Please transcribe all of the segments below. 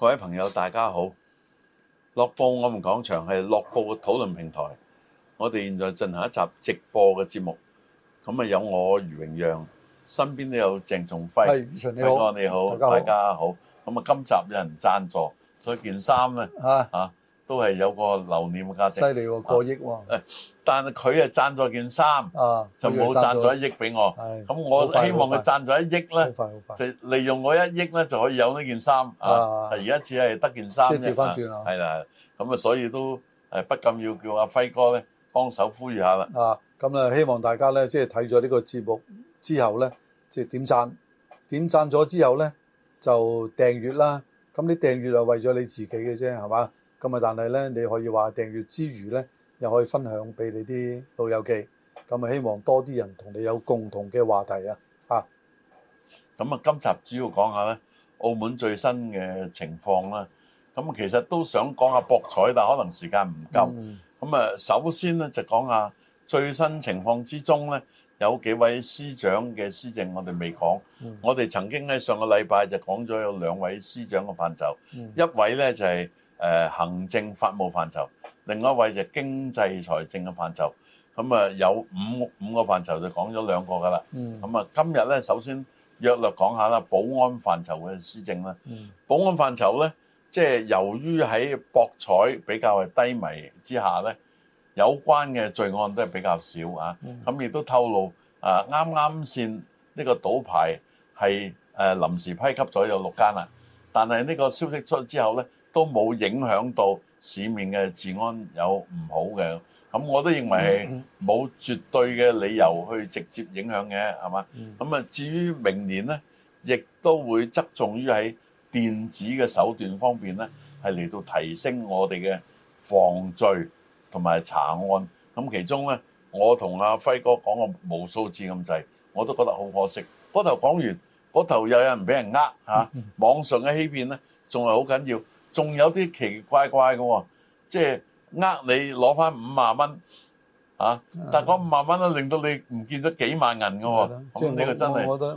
各位朋友，大家好！樂報我們講場係樂報嘅討論平台，我哋現在進行一集直播嘅節目。咁啊，有我余榮讓，身邊都有鄭仲輝。係你，你好，你好，大家好。咁啊，今集有人贊助，所以件衫啊吓。啊都係有個留念嘅價值。犀利喎，過億喎。誒，但係佢係賺咗件衫，就冇賺咗一億俾我。係咁，我希望佢賺咗一億咧，就利用我一億咧，就可以有呢件衫。啊，而家只係得件衫啫嘛。係啦，咁啊，所以都誒不禁要叫阿輝哥咧幫手呼籲下啦。啊，咁啊，希望大家咧即係睇咗呢個節目之後咧，即係點贊點贊咗之後咧就訂閲啦。咁你訂閲就為咗你自己嘅啫，係嘛？咁啊！但係咧，你可以話訂閱之餘咧，又可以分享俾你啲老友記。咁啊，希望多啲人同你有共同嘅話題啊！嚇，咁啊，今集主要講下咧，澳門最新嘅情況啦。咁其實都想講下博彩，但可能時間唔夠。咁、嗯、啊，首先咧就講下最新情況之中咧，有幾位司長嘅施政我哋未講。我哋曾經喺上個禮拜就講咗有兩位司長嘅範疇，嗯、一位咧就係、是。誒行政法務範疇，另外一位就經濟財政嘅範疇，咁啊有五五個範疇就講咗兩個㗎啦。咁、嗯、啊，今日咧首先約略講下啦，保安範疇嘅施政啦。嗯、保安範疇咧，即係由於喺博彩比較係低迷之下咧，有關嘅罪案都係比較少、嗯、啊。咁亦都透露啊，啱啱先呢個賭牌係誒、啊、臨時批給咗有六間啦，但係呢個消息出之後咧。都冇影響到市面嘅治安有唔好嘅，咁我都認為係冇絕對嘅理由去直接影響嘅，係嘛？咁啊，至於明年咧，亦都會側重於喺電子嘅手段方面咧，係嚟到提升我哋嘅防罪同埋查案。咁其中咧，我同阿輝哥講過無數次咁滯，我都覺得好可惜。嗰頭講完，嗰頭又有人俾人呃嚇，網上嘅欺騙咧，仲係好緊要。仲有啲奇奇怪怪嘅，即係呃你攞翻五萬蚊啊！但嗰五萬蚊咧，令到你唔見咗幾萬銀嘅喎。即係、嗯、我，我覺得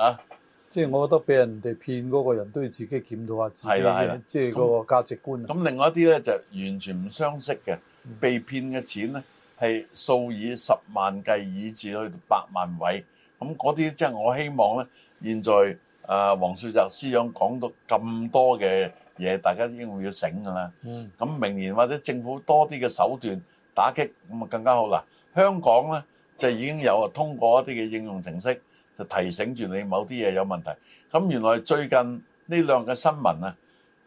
啊，即、就、係、是、我覺得俾人哋騙嗰個人都要自己檢討下自己嘅，即係、就是、個價值觀。咁、嗯嗯、另外一啲咧就完全唔相識嘅，被騙嘅錢咧係數以十萬計，以至去到百萬位。咁嗰啲即係我希望咧，現在啊，黃、呃、少澤司長講到咁多嘅。嘢大家應會要醒㗎啦，咁明年或者政府多啲嘅手段打擊，咁就更加好啦。香港咧就已經有啊，通過一啲嘅應用程式就提醒住你某啲嘢有問題。咁原來最近呢兩個新聞啊，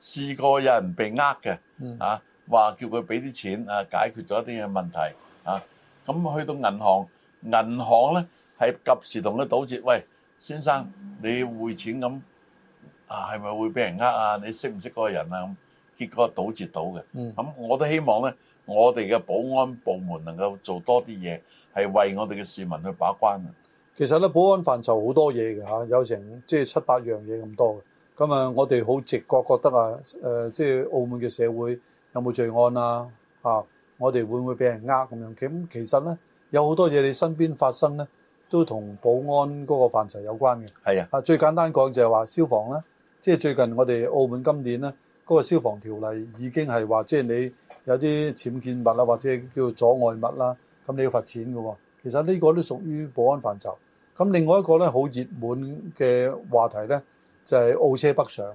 試過有人被呃嘅，啊話叫佢俾啲錢啊解決咗一啲嘅問題啊，咁去到銀行，銀行咧係及時同佢阻截。喂，先生，你匯錢咁。啊，係咪會俾人呃啊？你識唔識嗰個人啊？咁結果倒捷賭嘅，咁、嗯、我都希望咧，我哋嘅保安部門能夠做多啲嘢，係為我哋嘅市民去把關啊。其實咧，保安範疇好多嘢嘅嚇，有成即係七八樣嘢咁多嘅。咁啊，我哋好直覺覺得啊，誒、呃，即係澳門嘅社會有冇罪案啊？嚇、啊，我哋會唔會俾人呃咁樣？咁其實咧，有好多嘢你身邊發生咧，都同保安嗰個範疇有關嘅。係啊，啊最簡單講就係話消防啦。即係最近我哋澳門今年咧，嗰個消防條例已經係話，即係你有啲僭建物啦，或者叫阻礙物啦，咁你要罰錢嘅喎。其實呢個都屬於保安範疇。咁另外一個咧，好熱門嘅話題咧，就係澳車北上。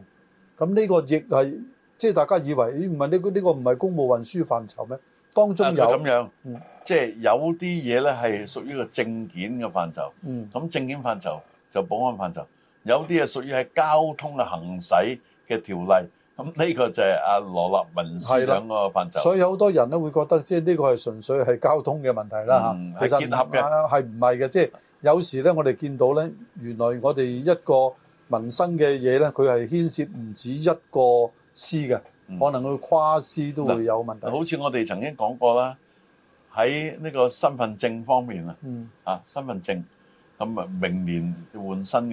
咁呢個亦係，即係大家以為，咦，唔係呢個呢個唔係公務運輸範疇咩？當中有咁樣，嗯，即係有啲嘢咧係屬於個證件嘅範疇。嗯，咁證件範疇就保安範疇。有啲係屬於係交通嘅行駛嘅條例，咁呢個就係阿、啊、羅立文司長嗰個範疇。所以好多人都會覺得，即係呢個係純粹係交通嘅問題啦嚇、嗯。其實是合係，係唔係嘅，即係有時咧，我哋見到咧，原來我哋一個民生嘅嘢咧，佢係牽涉唔止一個司嘅、嗯，可能佢跨司都會有問題。嗯、好似我哋曾經講過啦，喺呢個身份證方面啊、嗯，啊，身份證。咁啊，明年換新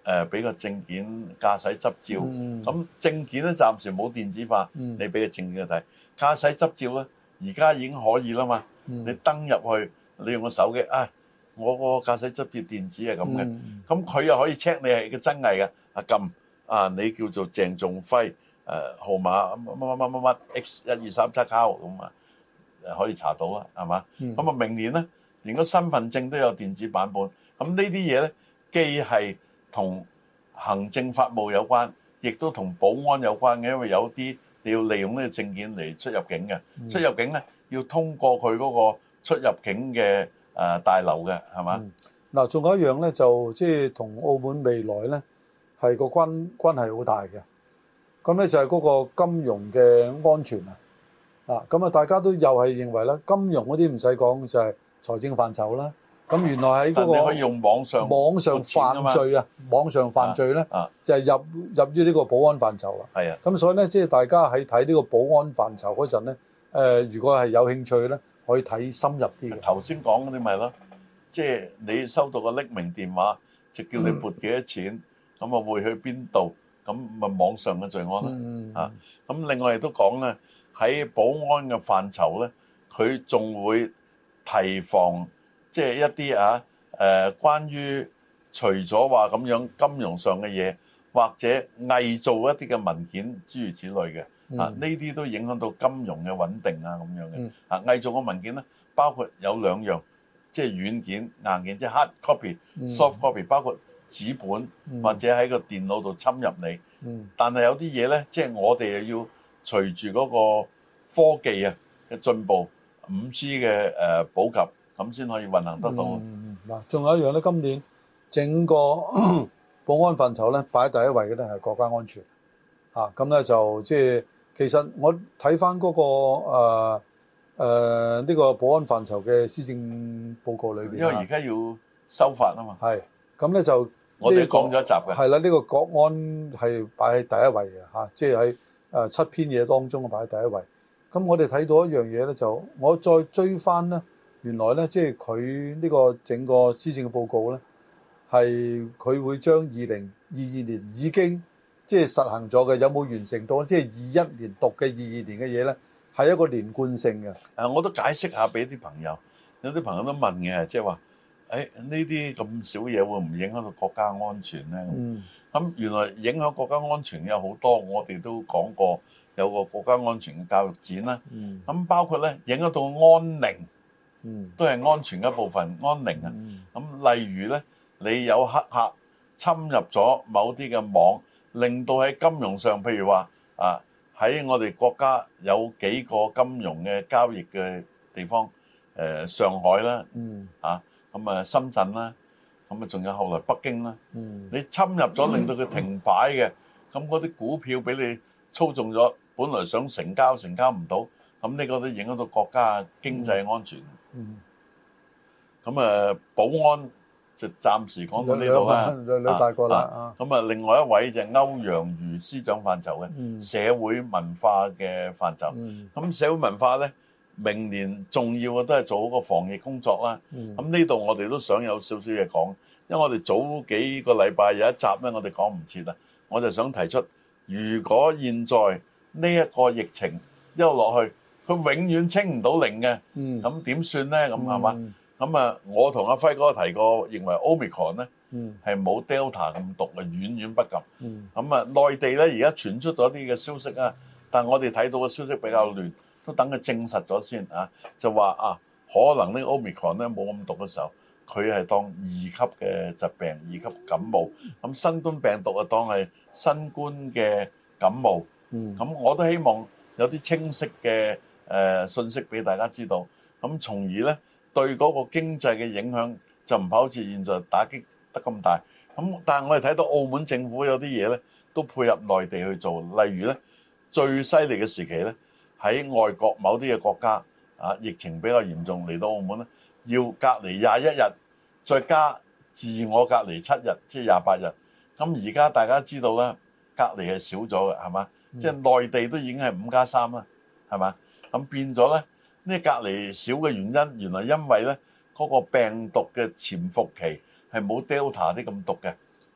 誒、呃，俾個證件駕駛執照，咁、嗯、證件咧暫時冇電子化，嗯、你俾個證件去睇。駕駛執照咧，而家已經可以啦嘛、嗯。你登入去，你用個手機啊、哎，我個駕駛執照電子係咁嘅，咁、嗯、佢又可以 check 你係個真偽嘅。阿撳啊，你叫做鄭仲輝，誒號碼乜乜乜乜乜乜 x 一二三七卡咁啊，可以查到啦，係嘛？咁、嗯、啊，明年咧，連個身份證都有電子版本，咁呢啲嘢咧，既係。同行政法務有關，亦都同保安有關嘅，因為有啲你要利用呢個證件嚟出入境嘅，出入境咧要通過佢嗰個出入境嘅誒大樓嘅，係嘛？嗱，仲有一樣咧，就即係同澳門未來咧係個關關係好大嘅，咁咧就係嗰個金融嘅安全啊！嗱，咁啊，大家都又係認為咧，金融嗰啲唔使講，就係財政範疇啦。咁原來喺嗰個網上網上犯罪啊，網上犯罪咧就入入於呢個保安範疇啦。咁所以咧，即係大家喺睇呢個保安範疇嗰陣咧，誒，如果係有興趣咧，可以睇深入啲嘅。頭先講嗰啲咪咯，即係你收到個匿名電話，就叫你撥幾多錢，咁啊匯去邊度，咁咪網上嘅罪案啦。啊，咁另外亦都講咧，喺保安嘅範疇咧，佢仲會提防。即係一啲啊，誒、呃，關於除咗話咁樣金融上嘅嘢，或者偽造一啲嘅文件諸如此類嘅、嗯、啊，呢啲都影響到金融嘅穩定啊，咁樣嘅、嗯、啊，偽造嘅文件咧，包括有兩樣，即係軟件硬件，即係 hard copy、嗯、soft copy，包括紙本、嗯、或者喺個電腦度侵入你。嗯、但係有啲嘢咧，即係我哋又要隨住嗰個科技啊嘅進步，五 G 嘅誒普及。呃咁先可以運行得到。嗱，仲有一樣咧，今年整個保安範疇咧擺喺第一位嘅咧係國家安全嚇。咁咧就即係其實我睇翻嗰個誒誒呢個保安範疇嘅施政報告裏邊，因為而家要修法啊嘛。係咁咧，就我哋講咗一集嘅係啦。呢個國安係擺喺第一位嘅嚇，即係喺誒七篇嘢當中啊，擺喺第一位。咁我哋睇到一樣嘢咧，就我再追翻咧。原來咧，即係佢呢個整個施政嘅報告咧，係佢會將二零二二年已經即係實行咗嘅，有冇完成到？即係二一年讀嘅二二年嘅嘢咧，係一個連貫性嘅。誒，我都解釋下俾啲朋友，有啲朋友都問嘅，即係話，誒呢啲咁少嘢會唔影響到國家安全咧？咁原來影響國家安全嘅有好多，我哋都講過有個國家安全嘅教育展啦。咁包括咧，影響到安寧。嗯，都係安全嘅一部分，安寧啊。咁例如咧，你有黑客侵入咗某啲嘅網，令到喺金融上，譬如話啊，喺我哋國家有幾個金融嘅交易嘅地方，誒上海啦，嗯，啊咁啊深圳啦，咁啊仲有後來北京啦，嗯，你侵入咗，令到佢停擺嘅，咁嗰啲股票俾你操縱咗，本來想成交成交唔到，咁呢個都影響到國家經濟安全。嗯，咁啊，保安就暫時講到呢度啦。兩大個啦。咁、呃、啊、呃呃呃呃呃呃呃，另外一位就係歐陽瑜司長範疇嘅社會文化嘅範疇。咁、嗯、社會文化咧，明年重要嘅都係做好個防疫工作啦。咁呢度我哋都想有少少嘢講，因為我哋早幾個禮拜有一集咧，我哋講唔切啊。我就想提出，如果現在呢一個疫情一路落去，佢永遠清唔到零嘅，咁點算咧？咁係嘛？咁啊，我同阿輝哥提過，認為 Omicron 咧係冇 Delta 咁毒嘅，遠遠不及。咁啊，內地咧而家傳出咗啲嘅消息啊，但係我哋睇到嘅消息比較亂，都等佢證實咗先啊。就話啊，可能呢個 Omicron 咧冇咁毒嘅時候，佢係當二級嘅疾病，二級感冒。咁新冠病毒啊，當係新冠嘅感冒。咁我都希望有啲清晰嘅。誒、呃、信息俾大家知道，咁從而呢對嗰個經濟嘅影響就唔係好似現在打擊得咁大。咁但係我哋睇到澳門政府有啲嘢呢，都配合內地去做。例如呢，最犀利嘅時期呢，喺外國某啲嘅國家啊，疫情比較嚴重，嚟到澳門呢，要隔離廿一日，再加自我隔離七日，即係廿八日。咁而家大家知道啦，隔離係少咗嘅，係嘛，嗯？即係內地都已經係五加三啦，係嘛？咁變咗咧，呢隔離少嘅原因，原來因為咧嗰個病毒嘅潛伏期係冇 Delta 啲咁毒嘅。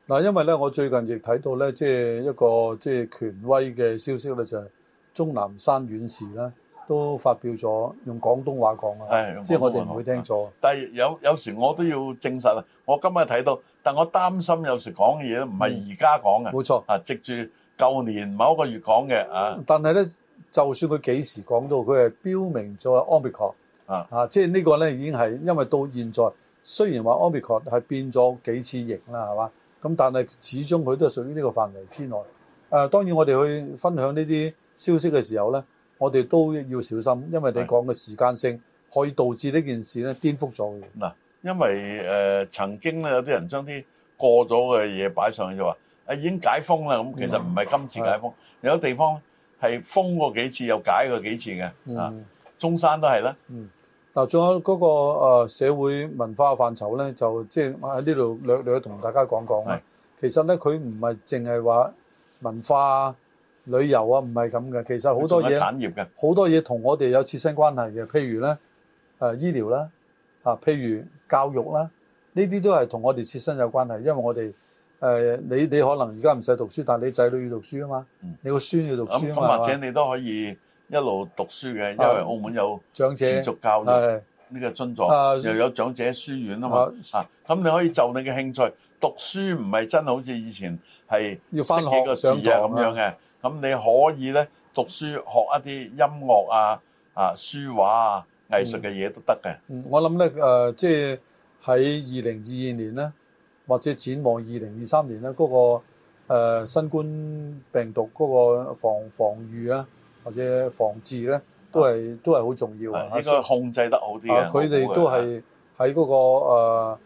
嗱，因為咧，我最近亦睇到咧，即係一個即係權威嘅消息咧，就係鍾南山院士咧都發表咗，用廣東話講啊，即係我哋唔會聽錯。嗯。但係有有時我都要證實啊。我今日睇到，但我擔心有時講嘅嘢唔係而家講嘅。嗯，冇錯啊，藉住舊年某一個月講嘅啊。但係咧。就算佢幾時講到，佢係標明咗 Omicron 啊啊，即、啊、係、就是、呢個咧已經係因為到現在，雖然話 Omicron 係變咗幾次型啦，係嘛？咁但係始終佢都係屬於呢個範圍之內。誒、啊，當然我哋去分享呢啲消息嘅時候咧，我哋都要小心，因為你講嘅時間性可以導致呢件事咧顛覆咗嘅。嗱，因為誒、呃、曾經咧有啲人將啲過咗嘅嘢擺上去就話啊已經解封啦，咁其實唔係今次解封，嗯、有地方。係封過幾次，又解過幾次嘅、嗯，啊，中山都係啦。嗱、嗯，仲有嗰個誒社會文化嘅範疇咧，就即係喺呢度略略同大家講講啦。其實咧，佢唔係淨係話文化、旅遊啊，唔係咁嘅。其實好多嘢產業嘅，好多嘢同我哋有切身關係嘅。譬如咧，誒、呃、醫療啦，啊，譬如教育啦，呢啲都係同我哋切身有關係，因為我哋。誒，你你可能而家唔使讀書，但係你仔女要讀書啊嘛，你個孫要讀書啊嘛，或、嗯、者你都可以一路讀書嘅、啊，因為澳門有長者持續教育呢個尊座、啊，又有長者書院啊嘛，啊，咁、啊啊、你可以就你嘅興趣讀書，唔係真係好似以前係要翻幾個字啊咁樣嘅，咁你可以咧讀書學一啲音樂啊、啊書畫啊、藝術嘅嘢都得嘅、嗯。我諗咧誒，即係喺二零二二年咧。或者展望二零二三年咧，嗰個誒新冠病毒嗰個防防禦啊，或者防治咧，都係都係好重要啊。應該控制得好啲啊！佢哋都係喺嗰個誒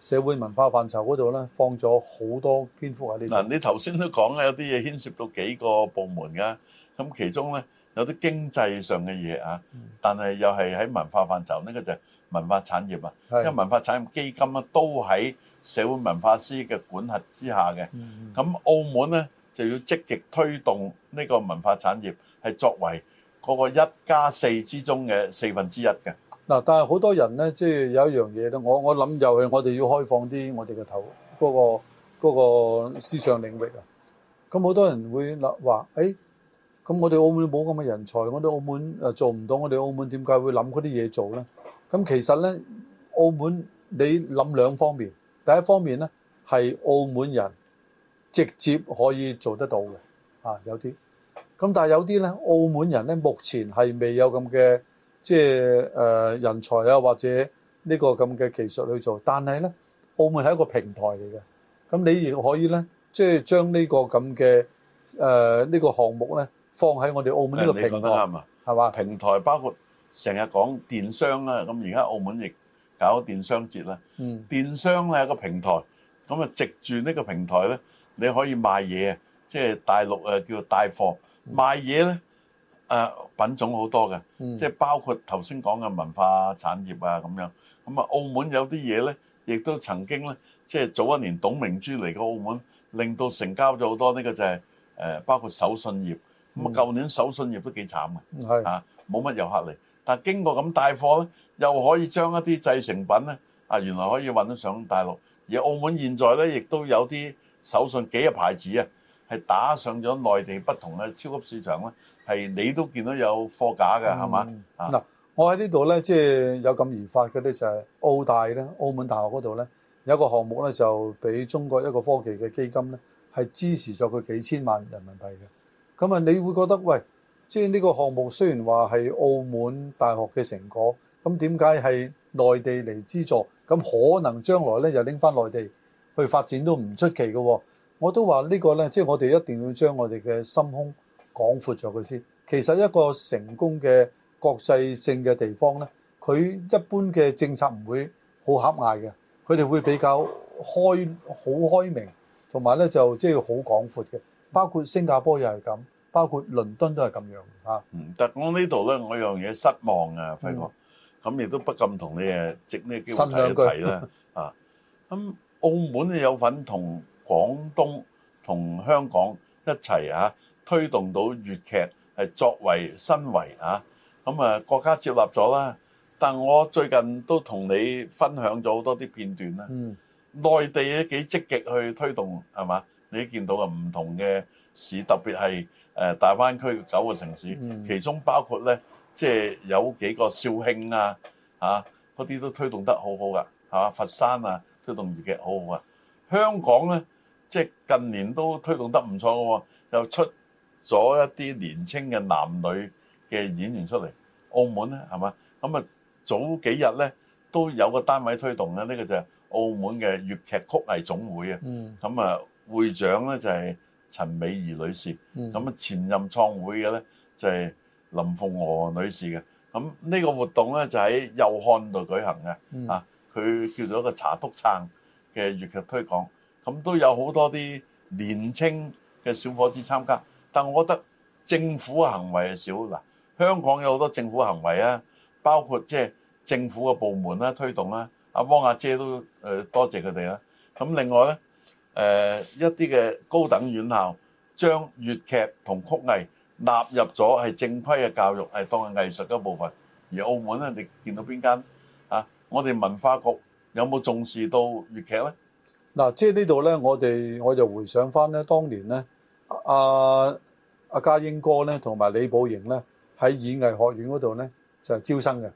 社會文化範疇嗰度咧，放咗好多篇幅喺呢度。嗱，你頭先都講啦，有啲嘢牽涉到幾個部門㗎。咁其中咧有啲經濟上嘅嘢啊，但係又係喺文化範疇呢個就係文化產業啊，因為文化產業基金啊都喺社會文化司嘅管轄之下嘅，咁澳門呢就要積極推動呢個文化產業，係作為嗰個一加四之中嘅四分之一嘅。嗱，但係好多人呢，即係有一樣嘢咧，我我諗又係我哋要開放啲我哋嘅頭嗰個嗰個思想領域啊。咁好多人會諗話誒，咁我哋澳門冇咁嘅人才，我哋澳門誒做唔到，我哋澳門點解會諗嗰啲嘢做呢？咁其實呢，澳門你諗兩方面。第一方面咧，係澳門人直接可以做得到嘅，啊有啲，咁但係有啲咧，澳門人咧目前係未有咁嘅即係誒人才啊，或者呢個咁嘅技術去做，但係咧，澳門係一個平台嚟嘅，咁你亦可以咧，即係將呢個咁嘅誒呢個項目咧，放喺我哋澳門呢個平台，係嘛？平台包括成日講電商啦，咁而家澳門亦，搞了電商節啦、嗯，電商咧係個平台，咁啊藉住呢個平台咧，你可以賣嘢、就是嗯、啊，即係大陸誒叫做帶貨賣嘢咧，誒品種好多嘅，即、嗯、係包括頭先講嘅文化產業啊咁樣，咁啊澳門有啲嘢咧，亦都曾經咧，即、就、係、是、早一年董明珠嚟過澳門，令到成交咗好多呢、這個就係、是、誒、呃、包括手信業，咁啊舊年手信業都幾慘嘅，啊冇乜遊客嚟，但經過咁帶貨咧。又可以將一啲製成品咧，啊，原來可以運得上大陸。而澳門現在咧，亦都有啲手信幾個牌子啊，係打上咗內地不同嘅超級市場咧，係你都見到有貨架嘅，係嘛？嗱，我喺呢度咧，即係有咁兒發嘅咧，就係、是、澳大咧，澳門大學嗰度咧有一個項目咧，就俾中國一個科技嘅基金咧，係支持咗佢幾千萬人民幣嘅。咁啊，你會覺得喂，即係呢個項目雖然話係澳門大學嘅成果。咁點解係內地嚟資助？咁可能將來咧就拎翻內地去發展都唔出奇嘅喎。我都話呢個咧，即係我哋一定要將我哋嘅心胸廣闊咗佢先。其實一個成功嘅國際性嘅地方咧，佢一般嘅政策唔會好狹隘嘅，佢哋會比較開、好開明，同埋咧就即係好廣闊嘅。包括新加坡又係咁，包括倫敦都係咁樣嚇。嗯，但我呢度咧，我有樣嘢失望啊，輝哥。嗯咁亦都不禁同你誒，藉呢個機會提一提啦，啊，咁澳門有份同廣東同香港一齊啊，推動到粵劇係作為申遺啊，咁啊國家接納咗啦。但我最近都同你分享咗好多啲片段啦，嗯，內地咧幾積極去推動係嘛？你見到嘅唔同嘅市，特別係誒大灣區九個城市，其中包括咧。即係有幾個肇慶啊，嚇嗰啲都推動得好好噶，係嘛？佛山啊，推動粵劇好好啊。香港咧，即係近年都推動得唔錯嘅喎，又出咗一啲年青嘅男女嘅演員出嚟。澳門咧，係嘛？咁啊，早幾日咧都有個單位推動嘅，呢個就係澳門嘅粵劇曲藝總會啊。嗯。咁啊，會長咧就係陳美儀女士。咁啊，前任創會嘅咧就係。林鳳娥女士嘅，咁呢個活動咧就喺右漢度舉行嘅，啊，佢叫做一個茶獨撐嘅粵劇推廣，咁都有好多啲年青嘅小伙子參加，但係我覺得政府行為係少嗱，香港有好多政府行為啊，包括即係政府嘅部門啦推動啦，阿汪阿姐都誒多謝佢哋啦，咁另外咧誒一啲嘅高等院校將粵劇同曲藝。納入咗係正規嘅教育，係當藝術嘅一部分。而澳門咧，你見到邊間啊？我哋文化局有冇重視到粵劇咧？嗱，即係呢度咧，我哋我就回想翻咧，當年咧，阿阿家英哥咧，同埋李寶瑩咧，喺演藝學院嗰度咧就係招生嘅。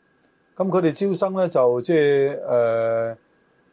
咁佢哋招生咧就即係誒，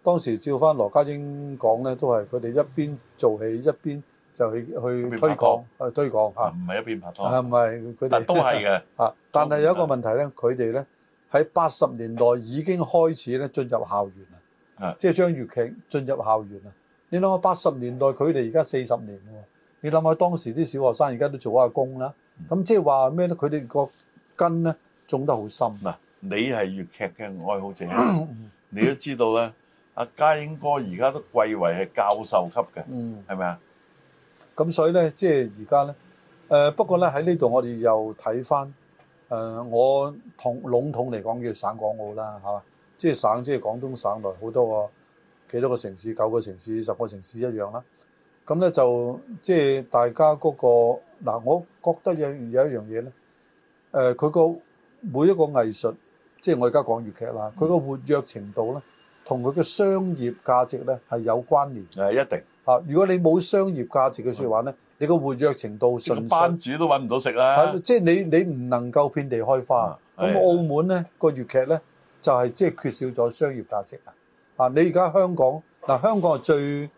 當時照翻羅家英講咧，都係佢哋一邊做戲一邊。就去去推廣，去推廣嚇，唔、啊、係一邊拍拖嚇，唔係佢哋都係嘅嚇。但係 有一個問題咧，佢哋咧喺八十年代已經開始咧進入校園啦、啊，即係將粵劇進入校園啦。你諗下，八十年代佢哋而家四十年喎。你諗下當時啲小學生而家都做下工啦，咁、嗯、即係話咩咧？佢哋個根咧種得好深嗱、啊。你係粵劇嘅愛好者，嗯、你都知道咧，阿家英哥而家都貴為係教授級嘅，係咪啊？是咁所以咧，即係而家咧，誒不過咧喺呢度我哋又睇翻，誒、呃、我統籠統嚟講叫省港澳啦，嚇，即係省即係廣東省內好多個、啊、幾多個城市、九個城市、十個城市一樣啦、啊。咁咧就即係大家嗰、嗰個嗱、呃，我覺得有有一樣嘢咧，誒佢個每一個藝術，即係我而家講粵劇啦，佢個活躍程度咧，同佢嘅商業價值咧係有關聯嘅。誒，一定。啊！如果你冇商業價值嘅説話咧，嗯、你個活躍程度瞬息，這個、班主都揾唔到食啦。係，即、就、係、是、你你唔能夠遍地開花。咁、嗯嗯、澳門咧個粵劇咧就係即係缺少咗商業價值啊！啊，你而家香港嗱、啊，香港係最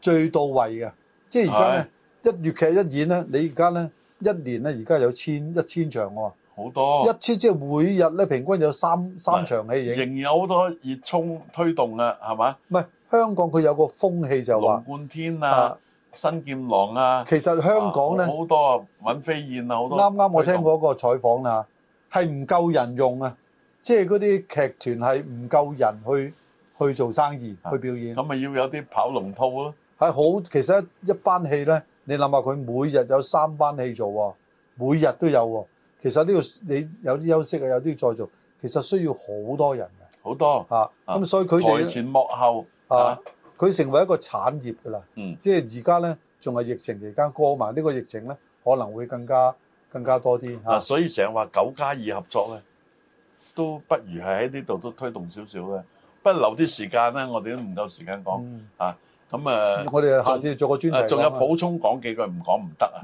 最到位嘅，即係而家咧一粵劇一演咧，你而家咧一年咧而家有千一千場喎、哦，好多一千即係、就是、每日咧平均有三三場戲影，仍有好多熱衷推動啊，係嘛？唔係。香港佢有個風氣就話，龍貫天啊、新劍郎啊，其實香港咧好多尹飛燕啊，好多啱啱我聽過一個採訪啊，係唔夠人用啊，即係嗰啲劇團係唔夠人去去做生意、去表演。咁咪要有啲跑龍套咯，係好。其實一班戲咧，你諗下佢每日有三班戲做喎，每日都有喎。其實呢度你有啲休息啊，有啲再做，其實需要好多人。好多嚇，咁、啊、所以佢哋台前幕後啊，佢、啊、成為一個產業㗎啦。嗯，即係而家咧，仲係疫情期間過埋呢、這個疫情咧，可能會更加更加多啲、啊啊、所以成日話九加二合作咧，都不如係喺呢度都推動少少嘅，不留啲時間呢，我哋都唔夠時間講。咁啊，我哋下次做個專題，仲、啊、有補充講幾句不講不，唔講唔得啊。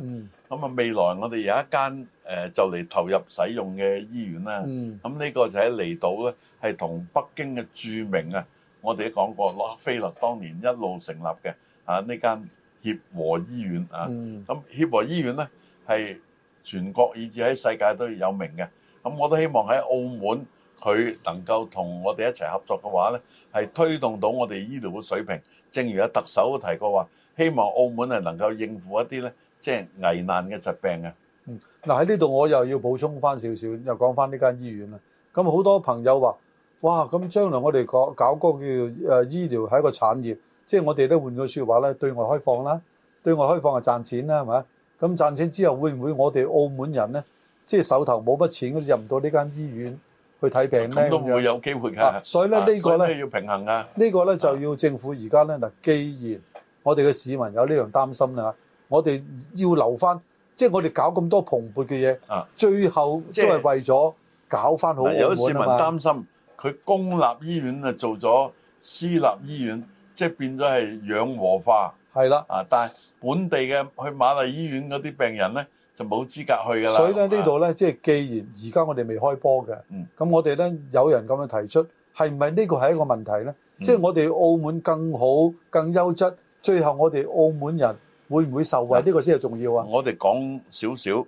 咁啊，未來我哋有一間誒、呃、就嚟投入使用嘅醫院啦。咁、嗯、呢、啊這個就喺離島咧。係同北京嘅著名啊，我哋都講過洛克菲勒當年一路成立嘅啊呢間協和醫院啊，咁、嗯、協和醫院咧係全國以至喺世界都有名嘅。咁我都希望喺澳門佢能夠同我哋一齊合作嘅話咧，係推動到我哋醫療嘅水平。正如阿特首都提過的話，希望澳門係能夠應付一啲咧即係危難嘅疾病嘅。嗯，嗱，喺呢度我又要補充翻少少，又講翻呢間醫院啦。咁好多朋友話。哇！咁將來我哋搞搞個叫誒醫療係一個產業，即係我哋都換個說話咧，對外開放啦，對外開放係賺錢啦，係咪？咁賺錢之後會唔會我哋澳門人咧，即係手頭冇乜錢入唔到呢間醫院去睇病咧？咁都會有機會㗎、啊。所以咧呢個咧就要平衡啊，呢個咧，呢個咧就要政府而家咧嗱，既然我哋嘅市民有呢樣擔心啦，我哋要留翻，即係我哋搞咁多蓬勃嘅嘢、啊，最後都係為咗搞翻好澳門、啊啊、有市民擔心。佢公立醫院啊，做咗私立醫院，即係變咗係養和化，係啦，啊，但係本地嘅去瑪麗醫院嗰啲病人咧，就冇資格去噶啦。所以咧，這裡呢度咧、啊，即係既然而家我哋未開波嘅，咁、嗯、我哋咧有人咁樣提出，係唔係呢個係一個問題咧？即、嗯、係、就是、我哋澳門更好、更優質，最後我哋澳門人會唔會受惠？呢、這個先係重要啊！我哋講少少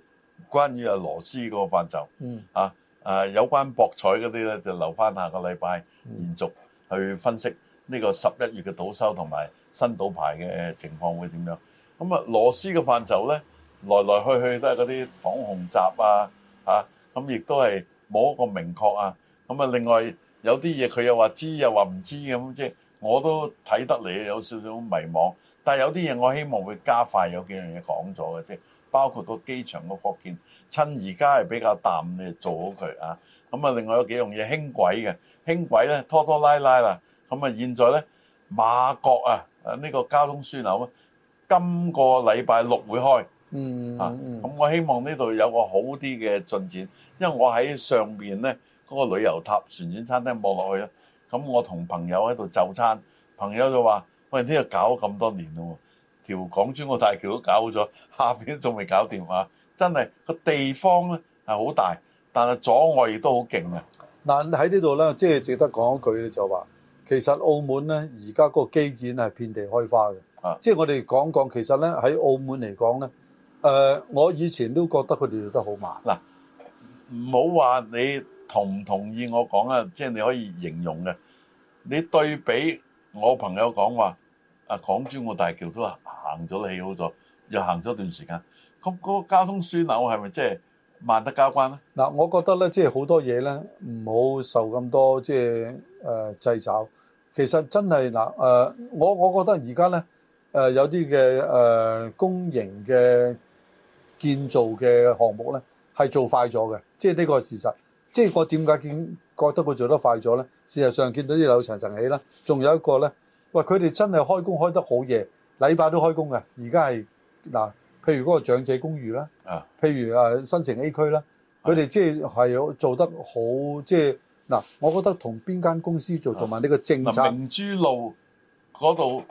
關於啊羅斯嗰個範疇，嗯，啊。誒有關博彩嗰啲咧，就留翻下個禮拜延續去分析呢個十一月嘅賭收同埋新賭牌嘅情況會點樣？咁啊，羅斯嘅範疇呢，來來去去都係嗰啲港紅閘啊，嚇咁亦都係冇一個明確啊。咁啊，另外有啲嘢佢又話知又話唔知咁，即係我都睇得嚟有少少迷茫。但係有啲嘢我希望會加快，有幾樣嘢講咗嘅，即、就是包括個機場個擴建，趁而家係比較淡，你做好佢啊。咁啊，另外有幾樣嘢輕軌嘅，輕軌咧拖拖拉拉啦。咁啊，現在咧媽閣啊，呢、呢個交通樞紐啊，今個禮拜六會開。嗯，嗯，嗯。啊。咁我希望呢度有個好啲嘅進展，因為我喺上邊咧嗰個旅遊塔旋轉餐廳望落去咧，咁我同朋友喺度就餐，朋友就話：喂，呢度搞咁多年咯。條港珠澳大橋都搞好咗，下邊仲未搞掂啊！真係個地方咧係好大，但係阻礙亦都好勁啊！嗱、啊、喺呢度咧，即係值得講一句咧，就話其實澳門咧而家嗰個基建係遍地開花嘅，啊，即係我哋講講，其實咧喺澳門嚟講咧，誒、呃，我以前都覺得佢哋做得好慢。嗱、啊，唔好話你同唔同意我講啊，即係你可以形容嘅，你對比我朋友講話。啊！港珠澳大橋都行咗，起好咗，又行咗一段時間。咁嗰、那個交通樞紐係咪即係慢得交關咧？嗱、啊，我覺得咧，即係好多嘢咧，唔好受咁多即係誒、呃、掣肘。其實真係嗱誒，我我覺得而家咧誒有啲嘅誒公營嘅建造嘅項目咧，係做快咗嘅。即係呢個係事實。即係我點解見覺得佢做得快咗咧？事實上見到啲樓層層起啦，仲有一個咧。喂，佢哋真係開工開得好夜，禮拜都開工嘅。而家係嗱，譬如嗰個長者公寓啦，啊，譬如新城 A 區啦，佢哋即係做得好，即係嗱，我覺得同邊間公司做同埋呢個政策。嗱，明珠路嗰度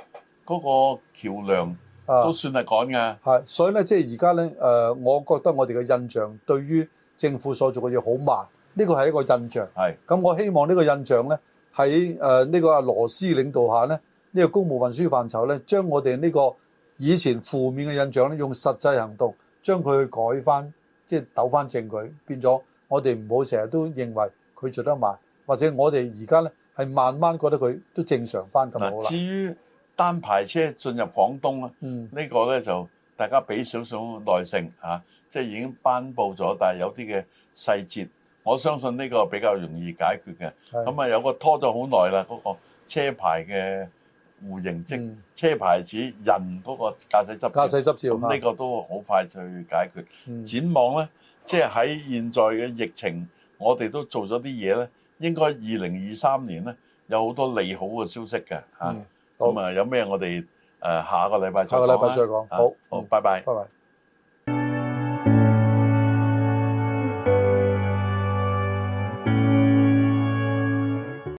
嗰個橋梁，啊、都算係趕嘅。係，所以咧，即係而家咧，我覺得我哋嘅印象對於政府所做嘅嘢好慢，呢個係一個印象。係，咁我希望呢個印象咧喺呢個阿羅斯領導下咧。呢、個公務運輸範疇咧，將我哋呢個以前負面嘅印象咧，用實際行動將佢改翻，即係糾翻正佢，變咗我哋唔好成日都認為佢做得慢，或者我哋而家咧係慢慢覺得佢都正常翻咁好啦。至於單牌車進入廣東嗯呢、個咧就大家俾少少耐性吓即係啊，已經頒布咗，但係有啲嘅細節，我相信呢個比較容易解決嘅。咁啊，有個拖咗好耐啦嗰個車牌嘅。戶型、即、嗯、車牌子、人嗰個駕駛執駕駛執照，呢個都好快就去解決。嗯、展望呢，即、就、喺、是、現在嘅疫情，我哋都做咗啲嘢呢，應該二零二三年呢，有好多利好嘅消息嘅嚇。咁、嗯、啊，有咩我哋誒下個禮拜再講。下個禮拜再講，好，好、嗯，拜拜，拜拜。